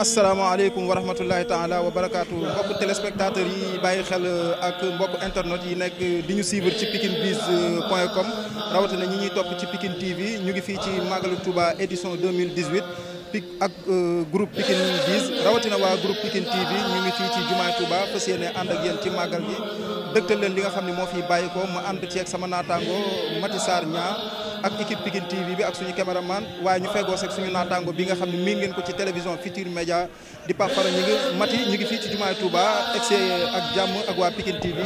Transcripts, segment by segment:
asalaamaaleykum wa rahmatullahi taala wa barakaatu mbokk téléspectateurs yi bàyyi xel uh, ak mbokk internet yi nekk uh, di ñu suivre ci pikinbiz uh, point com rawatina ñi ñuy topp ci Pikine TV ñu ngi fii ci Magalu Touba édition 2018 pik ak groupe Pikine Biz rawatina waa groupe Pikine TV ñu ngi fii ci jumaay Touba fas yéene ànd ak yéen ci màggal bi dëgtal leen li nga xam ne moo fi bàyyi ko mu ànd ci ak sama naataango Mati Sarr Niang ak équipe Pikine TV bi ak suñu caméraman waaye ñu feggoo seeg suñu naataango bi nga xam ne miin ngeen ko ci télévision Futur Média di Pape Fara ñu ngi mati ñu ngi fii ci jumaay Touba egsi ak jàmm ak waa Pikine TV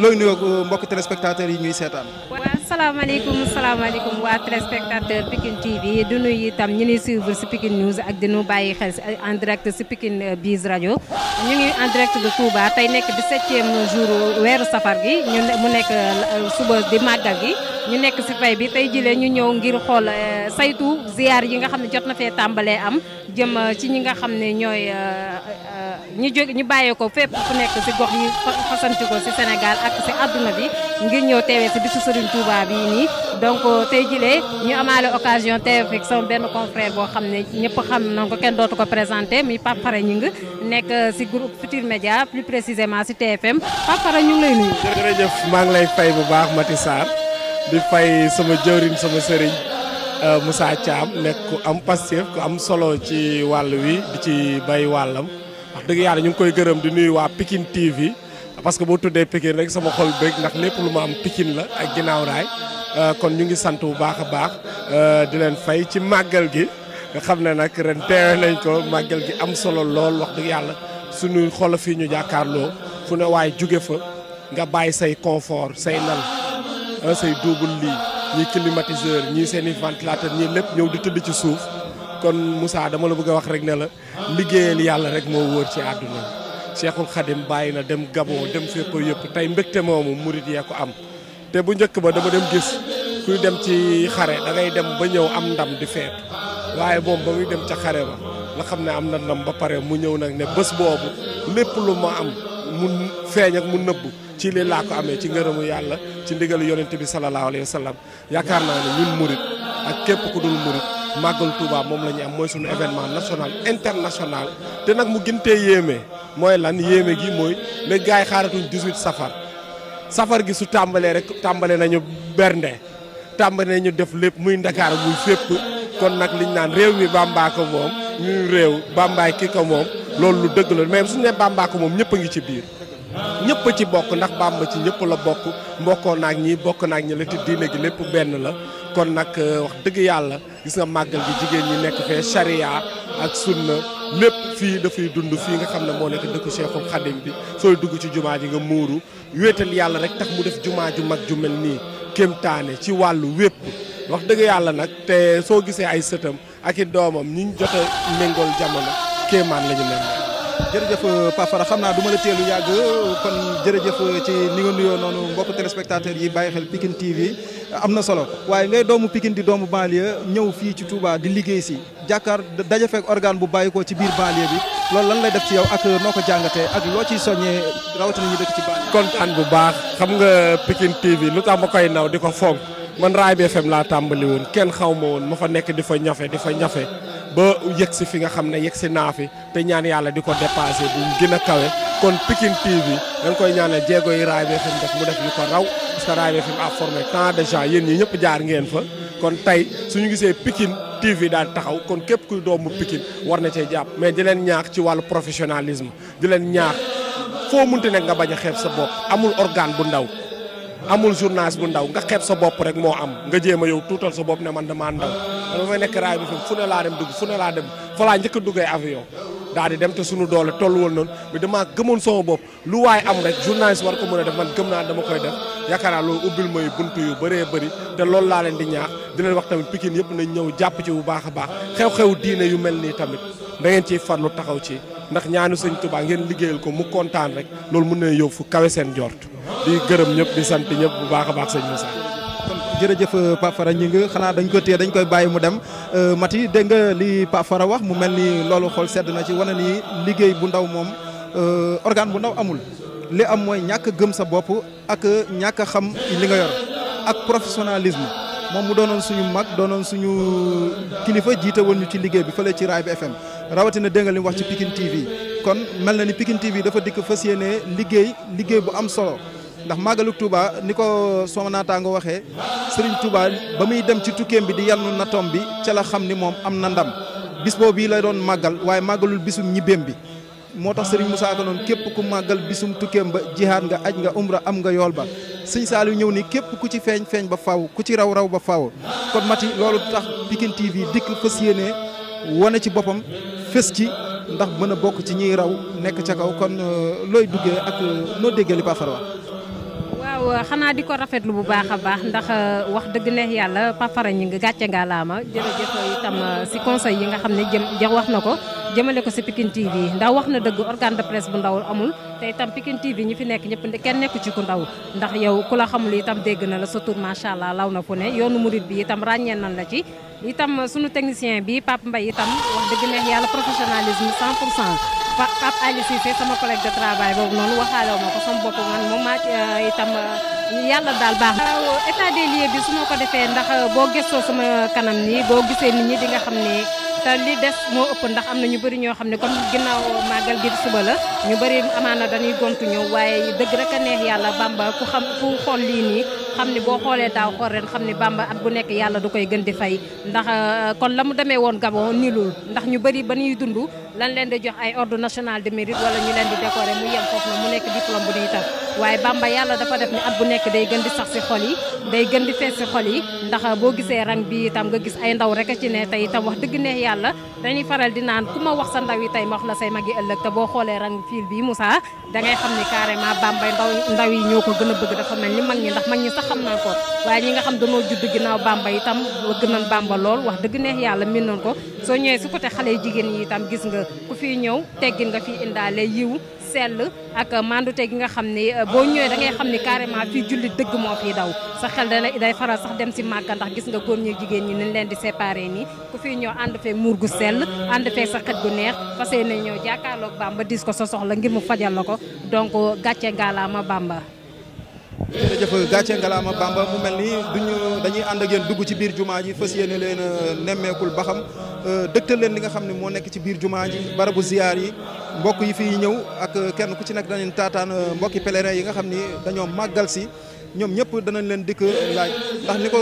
looy nuyoo euh, mbokk téléspectateurs yi ñuy seetaan. waaw salaamaaleykum salaamaaleykum waa téléspectateur Pikine TV du nuyu itam ñu ngi suivre si Pikine News ak di nu bàyyi xel en direct si Pikine euh, Biz Radio ñu ngi en direct de Touba tey nekk 17e jour weeru safar gi ñu mu nekk euh, suba di gi. ñu nekk si fay bi tey jile ñu ñëw ngir xool euh, saytu ziar yi nga xam ne jot na fee tàmbalee am jëm euh, ci ñi nga xam ne ñooy euh, ñu jóg ñu bàyyee ko fépp fu nekk si gox yi fasanti ko si Sénégal ak si adduna bi ngir ñëw teewee si bisu Serigne Touba bii nii. donc tey jile ñu amaale occasion teew fekk sama benn confrère boo xam ne ñëpp xam nañ ko kenn dootu ko présenté muy Pape ñu ngi nekk si groupe Futur Média plus précisément si TFM Pape Fara ñu ngi lay nuyu. jërëjëf maa ngi lay fay bu baax Matissar. di fay sama jëwriñ sama sëriñ euh, Moussa Thiam nekk ku am Pastef ku am solo ci wàll wi di ci bay wàllam wax dëgg yàlla ñu ngi koy gërëm di nuyu waa Pikine TV parce que boo tuddee Pikine rek sama xol bëgg ndax lépp lu ma am Pikine la ak ginnaaw raay euh, kon ñu ngi sant bu baax a baax euh, di leen fay ci màggal gi nga xam ne nag ren teewe nañ ko màggal gi am solo lool wax dëgg yàlla suñu xolo fii ñu jàkkaarloo fu ne waaye jóge fa nga bàyyi say confort say nal un say double lii ñi climatiseur ñi seen i ventilateur ñi lépp ñëw di tëdd ci suuf kon musaa dama la bëgg a wax rek ne la liggéeyal yàlla rek moo wóor ci àdduna Cheikhul xadim bàyyi na dem Gabon dem fépp yëpp tey mbëkte moomu murit yee ko am te bu njëkk ba dama dem gis kuy dem ci xare da dem ba ñëw am ndam di feet waaye moom ba muy dem ca xare ba la xam ne am na ndam ba pare mu ñëw nag ne bés boobu lépp lu ma am mu feeñ ak mu nëbb ci lii laa ko amee ci ngërëmu yàlla ci ndigalu yonent bi salallaahu alayhi wa yaakaar naa ne ñun murit ak képp ku dul murit màggal Touba moom la ñu am mooy suñu événement national international te nag mu gëntee yéeme mooy lan yéeme gi mooy léegi gars yi xaaratuñ 18 safar safar gi su tàmbalee rek tàmbale nañu bernde tàmbale nañu def lépp muy ndakaar muy fépp kon nag liñ naan réew mi Bàmbaa ko moom ñu réew bambaay ki ko moom loolu lu dëgg la mais suñu ne bambaa ko moom ñëpp a ngi ci biir ñëpp ci bokk ndax bamba ci ñëpp la bokk mbokkoo naag ñi bokk naag ñi la te diine gi lépp benn la kon nag euh, wax dëgg yàlla gis nga màggal gi jigéen ñi nekk fee charia ak sunna lépp fii dafay dund fii nga xam ne moo nekk dëkku Cheikhul Khadim bi sooy dugg ci jumaa ji nga muuru wéetal yàlla rek tax mu def jumaa ju mag ju mel nii kéemtaane ci wàllu wépp wax dëgg yàlla nag te soo gisee ay sëtam ak i doomam ñi ñu jot a jamono kéemaan la ñu jërëjëf euh, Pafara xam naa du ma la teelu yàgg kon jërëjëf euh, ci ni nga nuyoo noonu mbokk téléspectateur yi bàyyi xel Pikine TV am na solo waaye ngay doomu Pikine di doomu banlieue ñëw fii ci Touba di liggéey si jàkkaar daja fekk organe bu bàyyi ko ci biir banlieue bi loolu lan lay def ci yow ak euh, noo ko jàngatee ak loo ciy soññee rawatina ñu dëkk ci banlieue. kontaan bu baax xam nga Pikine TV lu tax ma koy naw di ko foog. man raay bi laa tàmbali woon kenn xaw woon ma fa nekk di fa ñafe di fa ñafe ba yegg si fi nga xam ne yegg si naa fi te ñaan yàlla di ko dépassé bu gën a kawe kon Pikine TV dañ koy ñaanal jéego yi raay bi FM mu def lu ko raw parce que raay bi FM a formé de gens yéen ñi ñëpp jaar ngeen fa kon tey ñu gisee Pikine TV daa taxaw kon képp kuy doomu Pikine war na cee jàpp mais di leen ñaax ci wàllu professionnalisme di leen ñaax foo munti nekk nga bañ a xeeb sa bopp amul organe bu ndaw amul journage bu ndaw nga xeeb sa bopp rek moo am nga jéem a yow tuutal sa bopp ne man damaa ndaw dama fay nekk raay bi fi fu ne laa dem dugg fu ne laa dem fa laa njëkk a duggee avion daal di dem te suñu doole tollu woon noonu mais damaa gëmoon sama bopp lu waaye am rek journaliste war ko mën a def man gëm naa dama koy def yaakaar naa loolu ubbil mooy buntu yu bëree bëri te loolu laa leen di ñaax di wax tamit pikin yëpp nañ ñëw jàpp ci bu baax a baax xew-xew diine yu mel nii tamit da ngeen ciy farlu taxaw ci ndax ñaanu sëñ Tuubaa ngeen liggéeyal ko mu kontaan rek loolu mën na yóbbu fu kawe seen di gërëm ñëpp di sant ñëpp bu baax a baax sëñ Moussa. kon jërëjëf euh, Pape Fara ñi nga xanaa dañ ko téye dañ koy bàyyi mu dem euh, Mati dégg nga li Pape Fara wax mu mel ni loolu xool sedd na ci wane ni liggéey bu ndaw moom euh, organe bu ndaw amul li am mooy ñàkk gëm sa bopp ak ñàkk xam li nga yor ak professionnalisme moom mu doonoon suñu mag doonoon suñu kilifa jiite woon ñu ci liggéey bi fële ci Raay bi FM rawatina dégg nga li wax ci Pikine TV kon mel na ni Pikine TV dafa dikk fas yéene liggéey liggéey bu am solo. ndax màggalu Touba ni ko sama naataango waxee Serigne Touba ba muy dem ci tukkeem bi di yalnu na tom bi ca la xam ni moom am na ndam bis boobu bii la doon màggal waaye màggalul bisum ñibbeem bi moo tax Serigne Moussa Ka képp ku màggal bisum tukkeem ba jihaat nga aj nga umra am nga yool ba sëñ Saliou ñëw ni képp ku ci feeñ feeñ ba faw ku ci raw raw ba faaw kon mati loolu tax Pikine TV dikk fas yéene wane ci boppam fës ci ndax mën a bokk ci ñiy raw nekk ca kaw kon euh, looy duggee ak euh, noo déggee li Pafar waaw xanaa di ko rafetlu bu baax a baax ndax euh, wax dëgg neex yàlla papara ñi nga gàcce nga laama jërëjëf itam euh, si conseil yi nga xam ne jëm wax na ko jëmale ko si Pikine TV ndax wax na dëgg organe de presse bu ndawul amul te itam Pikine TV ñi fi nekk ñëpp kenn ci ku ndaw ndax yow ku la xamul itam dégg na la sa tur macha allah law na bi itam ràññee nan la ci itam sunu technicien bi Pape Mbaye itam wax dëgg neex yàlla professionnalisme 100 pour cent Pape Ali Cissé sama collègue de travail boobu noonu waxaale ma ko sama bopp man moom maa euh, itam euh, daal baax na état des lieux bi su ma ko defee ndax euh, boo gëstoo sama kanam nii boo gisee nit ñi di xam ne te lii des moo ëpp ndax am na ñu bëri ñoo xam ne comme ginnaaw màggal gi suba la ñu bëri amaana dañuy gontu ñëw waaye dëgg rek a neex yàlla bamba ku xam ku xool lii nii xam ne boo xoolee daaw xool ren xam ne bamba at bu nekk yàlla du koy gën di fay ndax euh, kon la mu demee woon Gabon nilul ndax ñu bari ba nuy dund lan leen di jox ay ordre national de mérite wala ñu leen di décorer mu yem foofu na mu nekk diplôme bu di itam waaye Bamba yàlla dafa def ni at bu nekk day gën di sax si xol yi day gën di fees si xol yi ndax boo gisee rang bi itam nga gis ay ndaw rek a ci ne tey itam wax dëgg ne yàlla dañuy faral di naan ku ma wax sa ndaw yi tey ma la say mag ëllëg te boo xoolee rang fiil bi Moussa da ngay xam ni carrément Bamba ndaw ndaw yi ñoo ko gën a bëgg dafa mel ni mag ñi ndax mag ñi sax xam naa ko waaye ñi nga xam danoo judd ginnaaw Bamba itam bëgg nañ Bamba lool wax dëgg neex yàlla min nañ ko soo ñëwee su côté xale jigéen yi itam gis nga ku fi ñëw teggin nga fi indaale yiw sell ak mandute gi nga xam ni euh, boo ñëwee da xam ni carrément fii julli dëgg moo fii daw sa xel dana day faral sax dem si màkka ndax gis nga góor ñi jigéen ñi ni leen di séparé nii ku fi ñëw ànd fee muur gu sell ànd fee sa xet gu neex fas yéene ñëw jàkkaarloog Bamba dis ko sa soxla ngir mu fajal la ko donc gàcce ngaalaama Bamba jërëjëf gàcce ngalaama Bamba mu mel ni duñu dañuy ànd ak yéen dugg ci biir jumaa ji fas yéene leen euh, nemmeekul ba xam euh, dëgtal leen li nga xam ne moo nekk ci biir jumaa ji barabu ziyaar mbokk yi fi ñëw ak kenn ku ci nekk danañ taataan mbokki pèlerin yi nga xamni ni dañoo màggal si ñoom ñëpp dañu leen dikk laaj ndax ni ko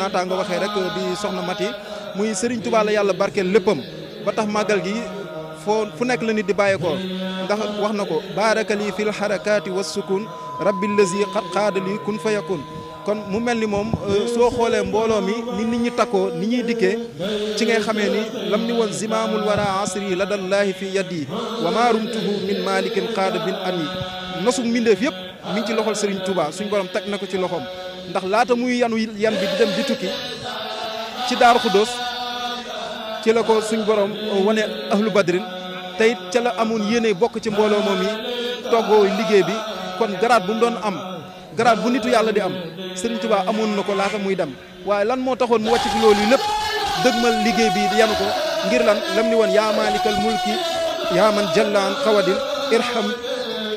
nata nga waxe rek di soxna Mati muy Serigne Touba la yàlla barkeel léppam ba tax magal gi fu nek la nit di baye ko ndax wax nako barakali fil harakati was sukun rabbil ladhi qad qad li kun fayakun kon mu mel ni moom euh, soo xoolee mbooloo mi ni nit ñi takkoo ni ñuy dikkee ci ngay xamee ni lam ni woon zimaamul wara asri la dallaahi fi yaddi wa maa rumtuhu min malikin xaada bin an yi nosu mbindeef yëpp mi ngi ci loxol Serigne Touba suñ borom teg na ko ci loxoom ndax laata muy yanu yan bi di dem di tukki ci Daaru Xuddoos ci la ko suñ borom euh, wane ahlu badrin tey ca la amul yéene bokk ci mbooloo moom toggoo liggéey bi kon garaat bu mu doon am garaat bu nitu yàlla di am Serigne Touba amoon na ko laata muy dem waaye lan moo taxoon mu wàcc ci loolu lépp dëgmal liggéey bi di yanu ko ngir lan lam ni woon yaa maalikal mulki yaa man jallaan xawadil irham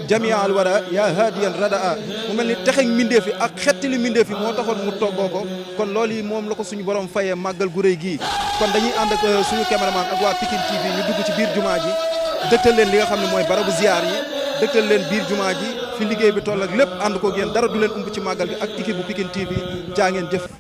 jamia al wara yaa haadiyan radaa mu mel ni texe mbindéef yi ak xettali mbindéef yi moo taxoon mu toggoo ko kon loolu yi moom la ko suñu borom fayee màggal gu rëy gii kon dañuy ànd ak euh, suñu cameraman ak waa Pikine TV ñu dugg ci biir jumaa ji dëgtal leen li nga xam ne mooy barabu ziyaar yi dëkkal leen biir jumaa ji fi liggéey bi toll ak lépp ànd ko yéen dara du leen umb ci màggal gi ak équipe bu Pikine TV jaa jëf